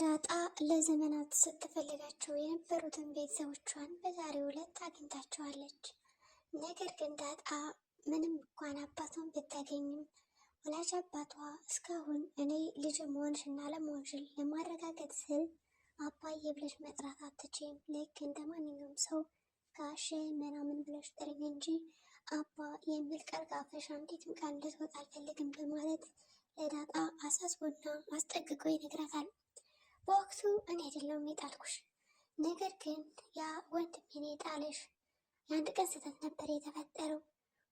ዳጣ ለዘመናት ስትፈልጋቸው የነበሩትን ቤተሰቦቿን በዛሬው ዕለት አግኝታቸዋለች። ነገር ግን ዳጣ ምንም እንኳን አባቷን ብታገኝም ወላጅ አባቷ እስካሁን እኔ ልጅ መሆንሽና ለመሆንሽን ለማረጋገጥ ስል አባዬ ብለሽ መጥራት አትችም፣ ልክ እንደ ማንኛውም ሰው ጋሼ ምናምን ብለሽ ጥሪኝ እንጂ አባ የሚል ቃል ካፍሽ አንዲትም ቃል ልትወጣ አልፈልግም በማለት ለዳጣ አሳስቦና አስጠንቅቆ ይነግራታል። በወቅቱ እኔ አይደለሁም የጣልኩሽ፣ ነገር ግን ያ ወንድሜ የጣለሽ የአንድ ቀን ስህተት ነበር የተፈጠረው።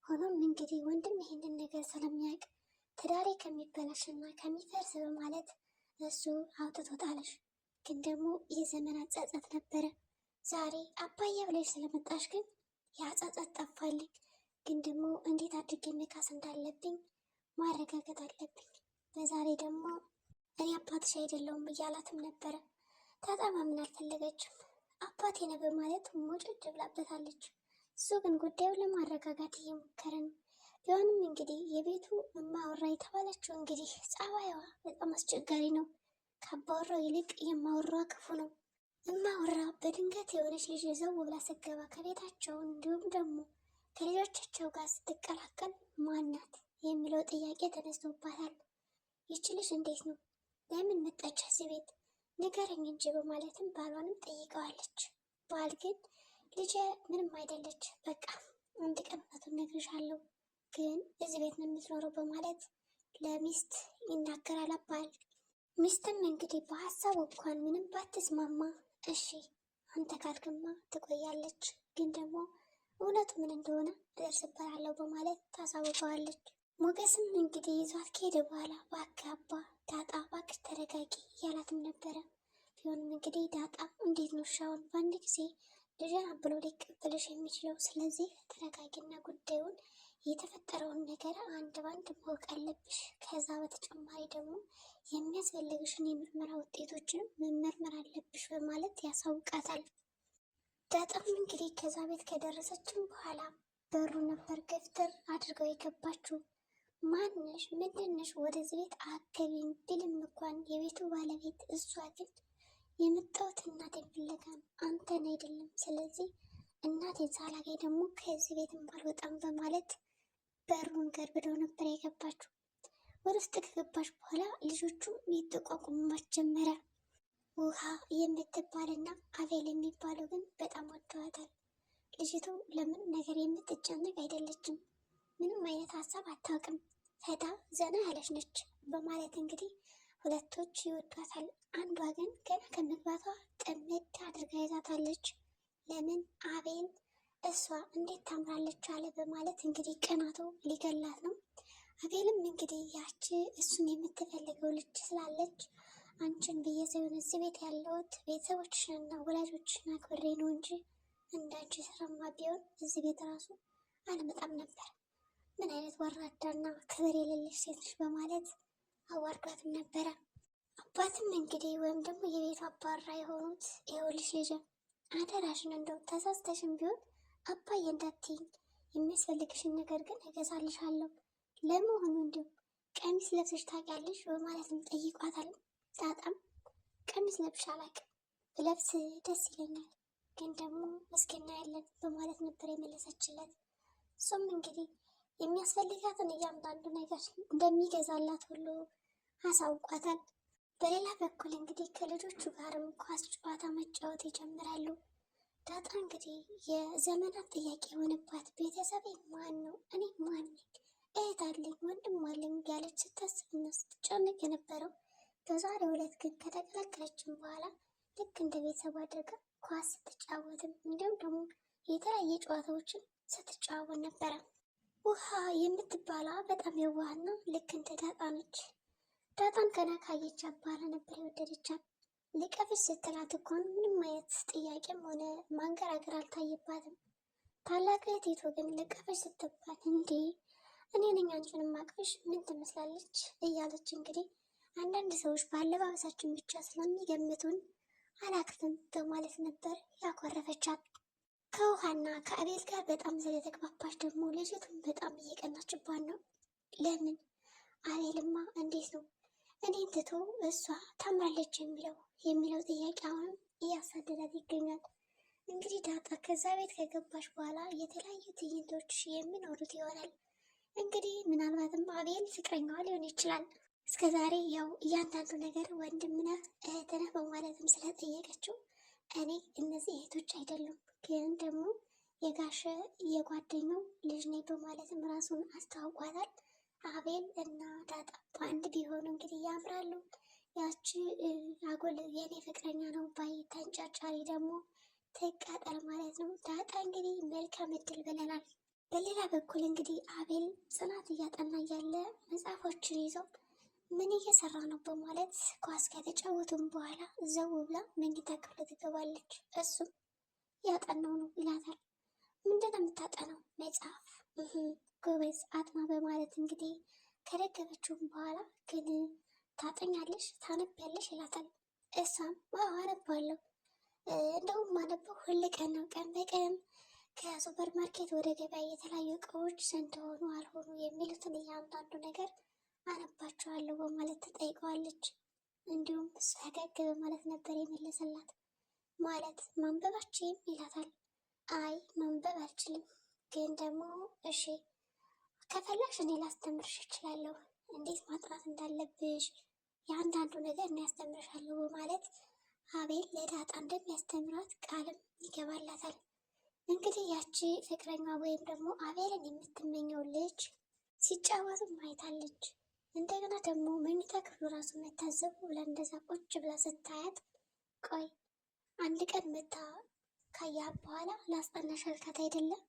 ሆኖም እንግዲህ ወንድም ይህንን ነገር ስለሚያውቅ ትዳሬ ከሚበላሽና ከሚፈርስ በማለት እሱ አውጥቶ ጣለሽ። ግን ደግሞ ይህ ዘመን ጸጸት ነበረ። ዛሬ አባዬ ብለሽ ስለመጣሽ ግን ያ ጸጸት ጠፋልኝ። ግን ደግሞ እንዴት አድርጌ መካስ እንዳለብኝ ማረጋገጥ አለብኝ። በዛሬ ደግሞ እኔ አባትሽ አይደለሁም እያላትም ነበረ። ተጠማምን አልፈለገችም። አባቴ ነገ በማለት ሞጮጭ ብላበታለች። እሱ ግን ጉዳዩ ለማረጋጋት እየሞከረ ነው። ቢሆንም እንግዲህ የቤቱ እማወራ የተባለችው እንግዲህ ጸባይዋ በጣም አስቸጋሪ ነው። ከአባወራው ይልቅ የማወራ ክፉ ነው። እማወራ በድንገት የሆነች ልጅ የዘው ብላ ስገባ ከቤታቸው እንዲሁም ደግሞ ከልጆቻቸው ጋር ስትቀላቀል ማናት የሚለው ጥያቄ ተነስቶባታል። ይች ልጅ እንዴት ነው ለምን መጣች እዚህ ቤት ንገረኝ እንጂ በማለትም ባሏንም ጠይቀዋለች። ባል ግን ልጄ ምንም አይደለች፣ በቃ አንድ ቀን እውነቱን እነግርሻለሁ፣ ግን እዚህ ቤት ነው የምትኖረው በማለት ለሚስት ይናገራል ባል። ሚስትም እንግዲህ በሀሳቡ እንኳን ምንም ባትስማማ እሺ አንተ ካልክማ ትቆያለች፣ ግን ደግሞ እውነቱ ምን እንደሆነ እደርስበታለሁ በማለት ታሳውቀዋለች። ሞገስም እንግዲህ ይዟት ከሄደ በኋላ በአካባ ዳጣ እባክሽ ተረጋጊ እያላትም ነበረ። ቢሆንም እንግዲህ ዳጣ እንዴት ነው ሻውን በአንድ ጊዜ ልጅን አብሎ ሊቀበልሽ የሚችለው? ስለዚህ ተረጋጊና ጉዳዩን የተፈጠረውን ነገር አንድ ባንድ ማወቅ አለብሽ። ከዛ በተጨማሪ ደግሞ የሚያስፈልግሽን የምርመራ ውጤቶችን መመርመር አለብሽ በማለት ያሳውቃታል። ዳጣም እንግዲህ ከዛ ቤት ከደረሰችም በኋላ በሩ ነበር ገፍተር አድርገው የገባችው። ማንሽ ምንድንሽ? ወደዚህ ቤት አትገቢም ብልም እንኳን የቤቱ ባለቤት እሷ ግን የመጣሁት እናቴን ፍለጋ ነው፣ አንተን አይደለም። ስለዚህ እናቴን ሳላገኝ ደግሞ ከዚህ ቤት አልወጣም በማለት በሩን ገርብደው ነበር የገባችው። ወደ ውስጥ ከገባች በኋላ ልጆቹ የተቋቁመማት ጀመረ። ውሃ የምትባልና አቤል የሚባለው ግን በጣም ወደዋታል። ልጅቱ ለምን ነገር የምትጨነቅ አይደለችም። ምንም አይነት ሀሳብ አታውቅም። ፈጣ ዘና ያለች ነች በማለት እንግዲህ ሁለቶች ይወዷታል። አንዷ ግን ገና ከመግባቷ ጥምድ አድርጋ ይዛታለች። ለምን አቤል እሷ እንዴት ታምራለች አለ በማለት እንግዲህ ቅናቱ ሊገላት ነው። አቤልም እንግዲህ ያቺ እሱን የምትፈልገው ልጅ ስላለች አንቺን ብዬ ሳይሆን እዚህ ቤት ያለሁት ቤተሰቦችሽንና ወላጆችሽን አክብሬ ነው እንጂ እንዳንቺ ስራማ ቢሆን እዚህ ቤት ራሱ አልመጣም ነበር ምን አይነት ወራዳና ክብር የሌለች ሴት ነሽ በማለት አዋርዷትም ነበረ። አባትም እንግዲህ ወይም ደግሞ የቤት አባራ የሆኑት ይኸውልሽ ልጅም አደራሽን እንደው ተሳስተሽም ቢሆን አባዬ እንዳትይኝ የሚያስፈልግሽን ነገር ግን እገዛልሻለሁ። ለመሆኑ እንዲሁ ቀሚስ ለብሰሽ ታውቂያለሽ? በማለትም ጠይቋታል። ጣጣም ቀሚስ ለብሼ አላውቅም፣ ብለብስ ደስ ይለኛል፣ ግን ደግሞ እስኪ እናያለን በማለት ነበር የመለሰችለት። እሱም እንግዲህ የሚያስፈልጋትን እያንዳንዱ ነገር እንደሚገዛላት ሁሉ አሳውቋታል። በሌላ በኩል እንግዲህ ከልጆቹ ጋርም ኳስ ጨዋታ መጫወት ይጀምራሉ። ዳጣ እንግዲህ የዘመናት ጥያቄ የሆነባት ቤተሰቤ ማን ነው? እኔ ማን ነኝ? እህት አለኝ፣ ወንድም አለኝ ያለች ስታስብና ስትጨነቅ የነበረው በዛሬው ዕለት ግን ከተቀላቀለችን በኋላ ልክ እንደ ቤተሰብ አድርጋ ኳስ ስትጫወትም እንዲሁም ደግሞ የተለያየ ጨዋታዎችን ስትጫወት ነበረ። ውሃ የምትባላ በጣም የዋህና ልክ እንደ ዳጣ ነች። ዳጣን ገና ካየቻት ነበር የወደደቻት። ልቀፍሽ ስትላት እኮን ምንም አይነት ጥያቄም ሆነ ማንገራገር አልታየባትም። ታላቅ እህቴቱ ግን ልቀፍሽ ስትባል እንዴ እኔ ነኝ አንቺን ማቅፍሽ ምን ትመስላለች እያለች እንግዲህ አንዳንድ ሰዎች በአለባበሳችን ብቻ ስለሚገምቱን አላክፍም በማለት ነበር ያኮረፈቻት። ከውሃና ከአቤል ጋር በጣም ስለተግባባች ደግሞ ልጅቱን በጣም እየቀናችባት ነው። ለምን አቤልማ እንዴት ነው እኔን ትቶ እሷ ታምራለች የሚለው የሚለው ጥያቄ አሁንም እያሳደዳት ይገኛል። እንግዲህ ዳጣ ከዛ ቤት ከገባች በኋላ የተለያዩ ትዕይንቶች የሚኖሩት ይሆናል። እንግዲህ ምናልባትም አቤል ፍቅረኛዋ ሊሆን ይችላል። እስከ ዛሬ ያው እያንዳንዱ ነገር ወንድምነህ እህትነህ በማለትም ስለጠየቀችው እኔ እነዚህ እህቶች አይደሉም ግን ደግሞ የጋሸ የጓደኛው ልጅ ነኝ በማለትም ራሱን አስተዋውቋታል። አቤል እና ዳጣ በአንድ ቢሆኑ እንግዲህ ያምራሉ። ያቺ አጎል የኔ ፍቅረኛ ነው ባይ ተንጨርጫሪ ደግሞ ትቃጠል ማለት ነው። ዳጣ እንግዲህ መልካም እድል ብለናል። በሌላ በኩል እንግዲህ አቤል ጽናት እያጠና ያለ መጽሐፎችን ይዞ ምን እየሰራ ነው በማለት ኳስ ከተጫወቱም በኋላ ዘው ብላ መኝታ ክፍል ትገባለች። እሱም ያጠናው ነው ይላታል። ምንድን ነው የምታጠናው? መጽሐፍ ጎበዝ አጥማ በማለት እንግዲህ ከደገፈችውም በኋላ ግን ታጠኛለሽ ታነቢያለሽ ይላታል። እሷም ዋው አነባለሁ፣ እንደውም አነበው ሁል ቀን ነው ቀን በቀን ከሱፐር ማርኬት ወደ ገበያ የተለያዩ እቃዎች ስንት ሆኑ አልሆኑ የሚሉትን እያንዳንዱ ነገር አነባቸዋለሁ በማለት ተጠይቀዋለች። እንዲሁም ፈገግ በማለት ነበር የመለሰላት። ማለት ማንበባችም ይላታል። አይ ማንበብ አልችልም፣ ግን ደግሞ እሺ ከፈለግሽ እኔ ላስተምርሽ እችላለሁ፣ እንዴት ማጥናት እንዳለብሽ የአንዳንዱ ነገር እናያስተምርሻለሁ ማለት አቤል ለዳጣ እንደሚያስተምራት ቃልም ይገባላታል። እንግዲህ ያቺ ፍቅረኛ ወይም ደግሞ አቤልን የምትመኘው ልጅ ሲጫወቱ ማየታለች። እንደገና ደግሞ መኝታ ክፍሉ ራሱ መታዘቡ ብላ እንደዛ ቁጭ ብላ ስታያት ቆይ አንድ ቀን መታ ካያ በኋላ ላስጠናሽ አልካት አይደለም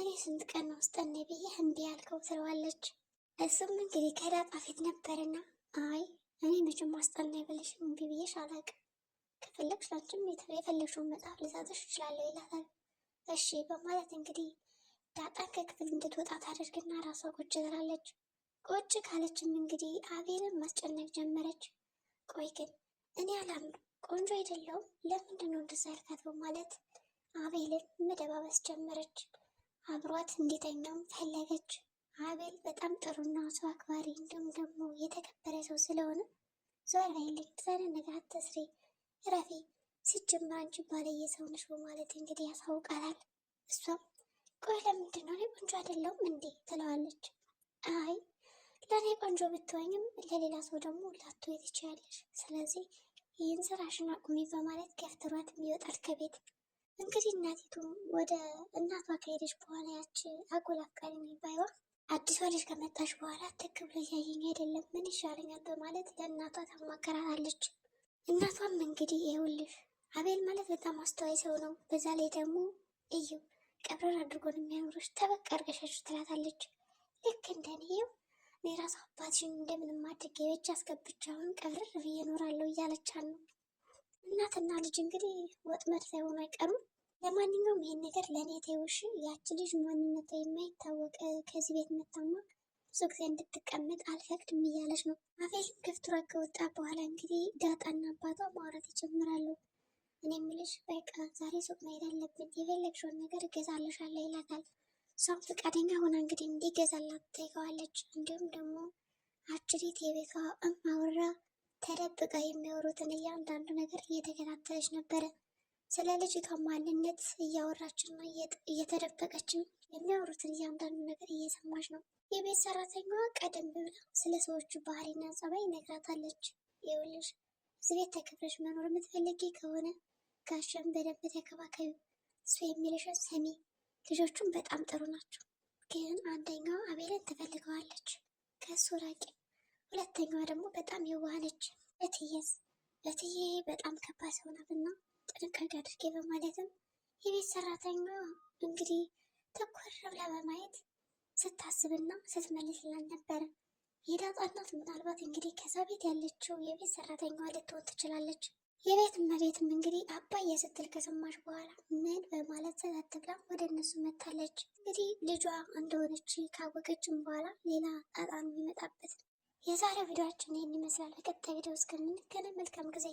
እኔ ስንት ቀን ነው ስጠነ ብዬ እምቢ ያልከው ትለዋለች። እሱም እንግዲህ ከዳጣ ፊት ነበርና አይ እኔ መቼም ማስጠና ይበልሽ እምቢ ብዬሽ አላቅም ከፈለግሽ ላንቺም የፈለግሽውን መጽሐፍ ልሰጥሽ እችላለሁ ይላታል። እሺ በማለት እንግዲህ ዳጣ ከክፍል እንድትወጣ ታደርግና ራሷ ቁጭ ትላለች። ቁጭ ካለችም እንግዲህ አቤልን ማስጨነቅ ጀመረች። ቆይ ግን እኔ አላምነው ቆንጆ አይደለሁም ለምንድን ነው እንደዛ ያልካት? ማለት አቤልን መደባበስ ጀመረች። አብሯት እንዲተኛም ፈለገች። አቤል በጣም ጥሩና ሰው አክባሪ እንዲሁም ደግሞ የተከበረ ሰው ስለሆነ ዞር አይልም። ዛሬ ነገር አትስሪ፣ ረፊ ሲጀምር አንቺ ባለየ ሰው ነሽ በማለት እንግዲህ ያሳውቃታል። እሷም ቆይ ለምንድን ነው እኔ ቆንጆ አይደለውም እንዴ ትለዋለች። አይ ለእኔ ቆንጆ ብትወኝም ለሌላ ሰው ደግሞ ላትሆኝ ትችያለሽ። ስለዚህ ይህን ስራሽን አቁሚ በማለት ገፍትሯት ይወጣል ከቤት። እንግዲህ እናቲቱም ወደ እናቷ ከሄደች በኋላ ያች አጎል አፍቃሪ የሚባለው አዲሷ ልጅ ከመጣች በኋላ ትክ ብሎ እያየኝ አይደለም፣ ምን ይሻለኛል በማለት ለእናቷ ታማከራታለች። እናቷም እንግዲህ ይኸውልሽ አቤል ማለት በጣም አስተዋይ ሰው ነው፣ በዛ ላይ ደግሞ እዩ ቀብረር አድርጎን የሚያምሮች፣ ተበቃ አድርገሻችሁ ትላታለች። ልክ እንደኔ እኔ ራሱ አባትሽን እንደምንም አድርጌ ቤት አስገብቻ አሁን ቀብረር ብዬ እኖራለሁ ይመክርሻል እናትና ልጅ እንግዲህ ወጥመድ ሳይሆኑ አይቀሩም። ለማንኛውም ይሄን ነገር ለእኔ ተይውሽ። ያቺ ልጅ ማንነቷ የማይታወቅ ከዚህ ቤት መታማ ብዙ ጊዜ እንድትቀመጥ አልፈቅድም እያለች ነው። አፌልም ከፍትሯ ከወጣ በኋላ እንግዲህ ዳጣና አባቷ ማውራት ይጀምራሉ። እኔ የምልሽ በቃ ዛሬ ሱቅ መሄድ አለብን፣ የፈለግሽውን ነገር እገዛልሻለሁ ይላታል። እሷም ፈቃደኛ ሆና እንግዲህ እንዲገዛላት ትጠይቀዋለች። እንዲሁም ደግሞ አጭሪት የቤቷ እማወራ ተደብቃ የሚያወሩትን እያንዳንዱ ነገር እየተከታተለች ነበረ። ስለ ልጅቷ ማንነት እያወራችና እየተደበቀችም የሚያወሩትን እያንዳንዱ ነገር እየሰማች ነው። የቤት ሰራተኛዋ ቀደም ብላ ስለ ሰዎቹ ባህሪና ጸባይ ነግራታለች። ይኸውልሽ እዚህ ቤት ተከብረሽ መኖር የምትፈልጊ ከሆነ ጋሸን በደንብ ተከባከቢ፣ እሱ የሚልሽን ስሚ። ልጆቹም በጣም ጥሩ ናቸው፣ ግን አንደኛው አቤልን ትፈልገዋለች። ከእሱ ራቂ። ሁለተኛዋ ደግሞ በጣም የዋህነች እትዬስ እትዬ በጣም ከባድ ሰው ናት እና ጥንቃቄ አድርጌ በማለትም የቤት ሰራተኛ እንግዲህ ተኮር ብላ በማየት ስታስብና ስትመልስላት ነበር። የዳጣ እናት ምናልባት እንግዲህ ከዛ ቤት ያለችው የቤት ሰራተኛ ልትሆን ትችላለች። የቤት መሬትም እንግዲህ አባዬ ስትል ከሰማች በኋላ ምን በማለት ሰተት ብላ ወደ እነሱ መታለች። እንግዲህ ልጇ እንደሆነች ካወቀችም በኋላ ሌላ ጣጣ የሚመጣበት የዛሬው ቪዲዮችን ይህን ይመስላል። በቀጣይ ቪዲዮ እስከምንገናኝ መልካም ጊዜ